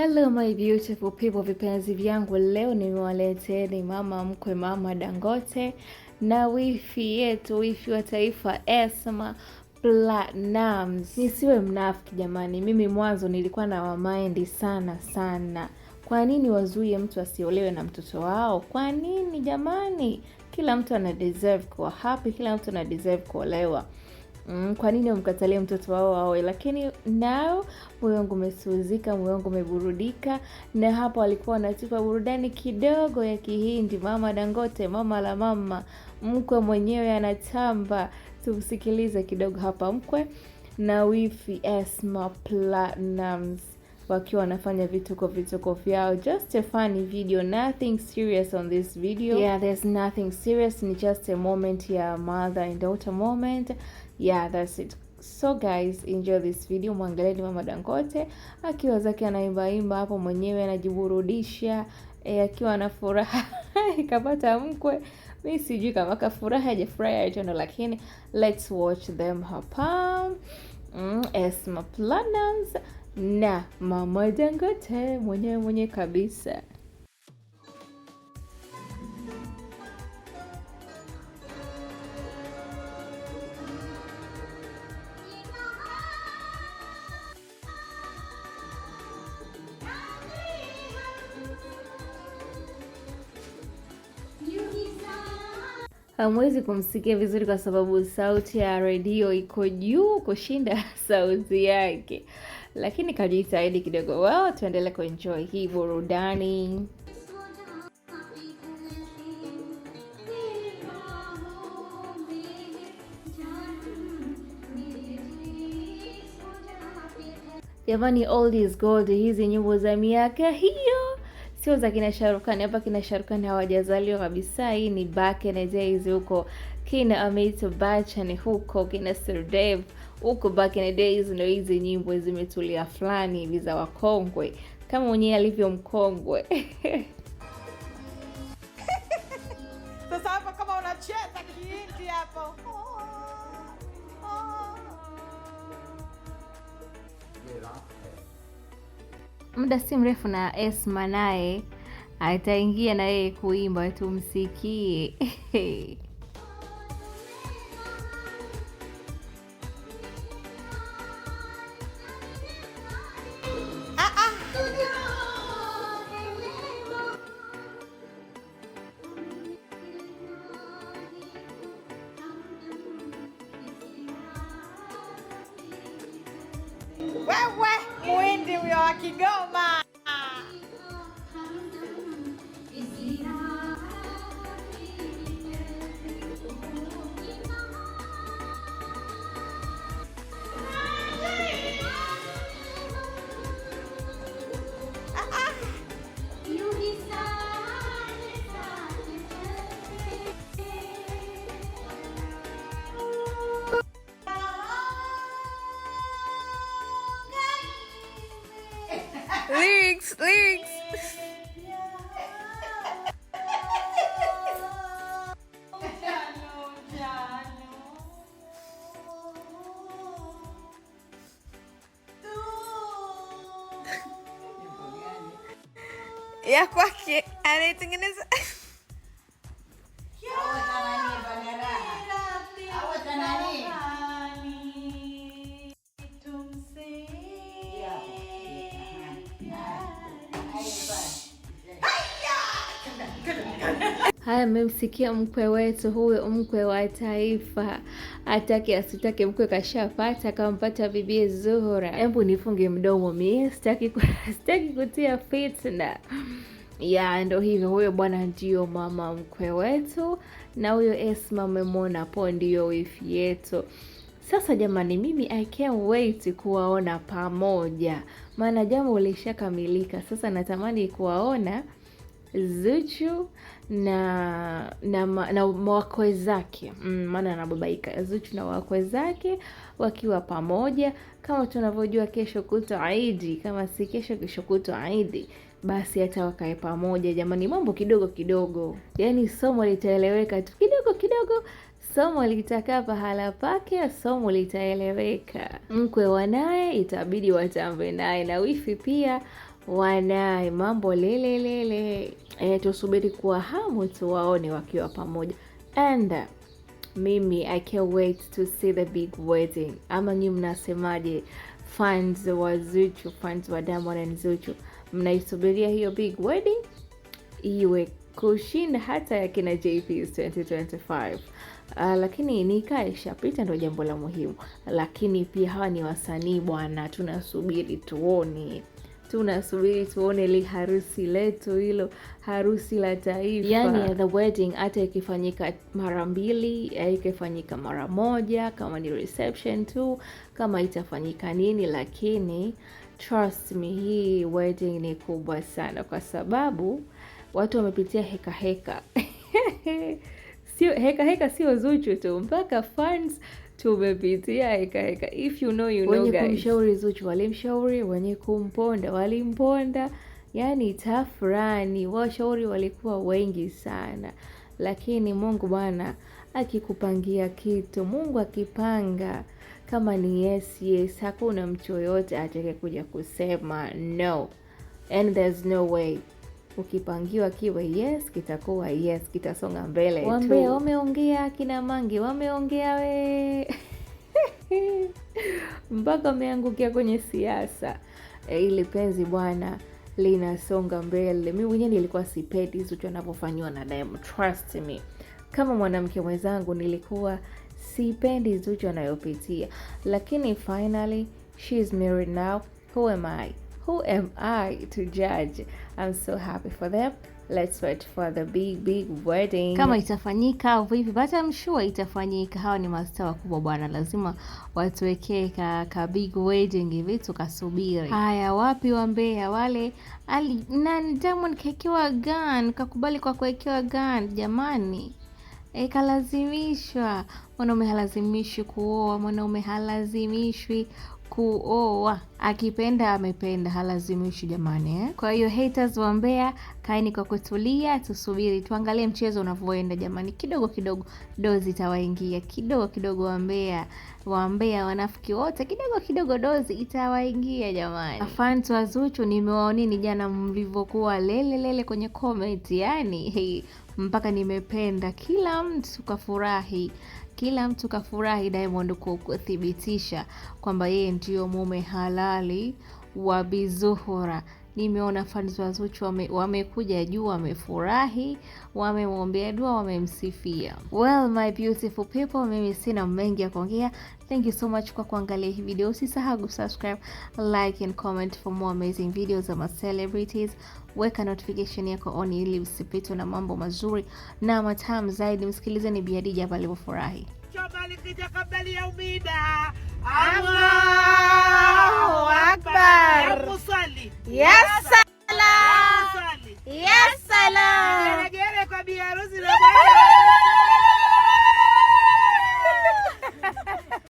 Hello my beautiful people, vipenzi vyangu, leo nimewaleteni mama mkwe, mama Dangote na wifi yetu, wifi wa taifa Esma Platnumz. Nisiwe mnafiki jamani, mimi mwanzo nilikuwa na wamaendi sana sana. Kwa nini wazuie mtu asiolewe na mtoto wao? Kwa nini jamani? Kila mtu ana deserve kuwa happy, kila mtu ana deserve kuolewa. Mm, kwa nini wamkatalia mtoto wao aoe? Lakini nao moyo wangu umesuzika, moyo wangu umeburudika. Na hapo alikuwa anatupa burudani kidogo ya Kihindi, mama Dangote, mama la mama, mkwe mwenyewe anatamba. Tumsikilize kidogo hapa mkwe na wifi Esma Platnumz wakiwa wanafanya vituko vituko vyao, just a funny video, nothing serious on this video. Yeah, there's nothing serious, ni just a moment ya mother and daughter moment yeah that's it so guys enjoy this video, mwangalieni mama Dangote akiwa zake anaimbaimba hapo mwenyewe anajiburudisha e, akiwa na furaha ikapata mkwe. Mi sijui kama kafuraha ajafurahi aitono, lakini let's watch them hapa mm, Esma Platnumz na mama Dangote mwenyewe mwenyewe kabisa. hamwezi kumsikia vizuri kwa sababu sauti ya redio iko juu kushinda sauti yake, lakini kajitahidi kidogo. Wao tuendelee kuenjoy hii burudani. Jamani, old is gold. Hizi nyimbo za miaka hiyo sio za kina Sharukani. Hapa kina Sharukani hawajazaliwa kabisa. Hii ni back days huko kina Amito Bachchan huko kina Sirdev huko back in the days, ndio hizi nyimbo zimetulia fulani hivi za wakongwe kama mwenyewe alivyo mkongwe. Sasa kama unacheza kiindi hapo muda si mrefu na Esma naye ataingia na yeye kuimba, tumsikie. Ah, ah wa Kigoma. Lyrics. Ja, quack, anything in his... Haya, mmemsikia mkwe wetu, huyo mkwe wa taifa, atake asitake, mkwe kashapata, akampata bibie Zuhura. Hebu nifunge mdomo mie, sitaki sitaki kutia fitna ya ndo hivyo, huyo bwana ndio mama mkwe wetu, na huyo Esma mmemwona hapo, ndio wifi yetu. Sasa jamani, mimi I can't wait kuwaona pamoja, maana jambo lishakamilika. Sasa natamani kuwaona Zuchu na na, na wakwe zake mm, maana mm, anababaika Zuchu na wakwe zake wakiwa pamoja. Kama tunavyojua kesho kutwa Aidi, kama si kesho, kesho kutwa Aidi, basi hata wakae pamoja jamani. Mambo kidogo kidogo, yani somo litaeleweka tu kidogo kidogo somo litakaa pahala pake, somo litaeleweka. Mkwe wanaye itabidi watambe naye na wifi pia wanaye mambo lelelele E, eh, tusubiri kwa hamu tuwaone wakiwa pamoja and uh, mimi I can't wait to see the big wedding, ama nyi mnasemaje? Fans wa Zuchu, fans wa Diamond and Zuchu, mnaisubiria hiyo big wedding iwe kushinda hata ya kina JP's 2025. Uh, lakini nikaa ishapita ndo jambo la muhimu, lakini pia hawa ni wasanii bwana, tunasubiri tuone tunasubiri tuone li harusi letu hilo harusi la taifa, yani the wedding. Hata ikifanyika mara mbili, eh, ikifanyika mara moja, kama ni reception tu, kama itafanyika nini, lakini trust me, hii wedding ni kubwa sana, kwa sababu watu wamepitia heka heka. Sio heka heka, sio Zuchu tu, mpaka fans tumepitia heka heka. If you know, you know guys, wenye kumshauri Zuchu walimshauri, wenye kumponda walimponda, yani tafurani, washauri walikuwa wengi sana, lakini Mungu bwana akikupangia kitu, Mungu akipanga kama ni yes yes, hakuna mtu yoyote atake kuja kusema no, and there's no way ukipangiwa kiwe yes, kitakuwa yes, kitasonga mbele Wambea wameongea kina Mange, wameongea we mpaka wameangukia kwenye siasa. E, ili penzi bwana linasonga mbele. Mi mwenyewe nilikuwa sipendi hizo anavyofanyiwa na Diamond, trust me, kama mwanamke mwenzangu nilikuwa sipendi Zuchu anayopitia, lakini finally she is married now. Who am I? Who am I to judge? I'm so happy for them. Let's wait for the big big wedding. Kama itafanyika au vipi, but I'm sure itafanyika. Hawa ni masta wakubwa bwana, lazima watuwekee ka, ka big wedding hivi tukasubiri. Haya, wapi wa Mbeya wale ali nani, Diamond kaekewa gun, kakubali kwa kuwekewa gun jamani. E, kalazimishwa. Mwanaume halazimishwi kuoa, mwanaume halazimishwi kuoa akipenda amependa, halazimishi jamani eh? Kwa hiyo haters wa Mbeya, kaeni kwa kutulia, tusubiri tuangalie mchezo unavyoenda jamani, kidogo kidogo dozi itawaingia kidogo kidogo. Wa Mbeya wa Mbeya wanafiki wote, kidogo kidogo dozi itawaingia jamani. Fans wa Zuchu nimewaonini jana mlivyokuwa lelelele kwenye comment, yani hey, mpaka nimependa kila mtu kafurahi kila mtu kafurahi Diamond kuthibitisha kwamba yeye ndio mume halali wa bizuhura nimeona fans wa Zuchu wamekuja wame juu, wamefurahi, wamemwombea dua, wamemsifia. Well my beautiful people, mimi sina mengi ya kuongea. Thank you so much kwa kuangalia hii video. Usisahau kusubscribe, like and comment for more amazing videos za ma celebrities. Weka notification yako on ili usipitwe na mambo mazuri na matamu zaidi. Msikilize ni Bi Khadija umida. Allah. Yes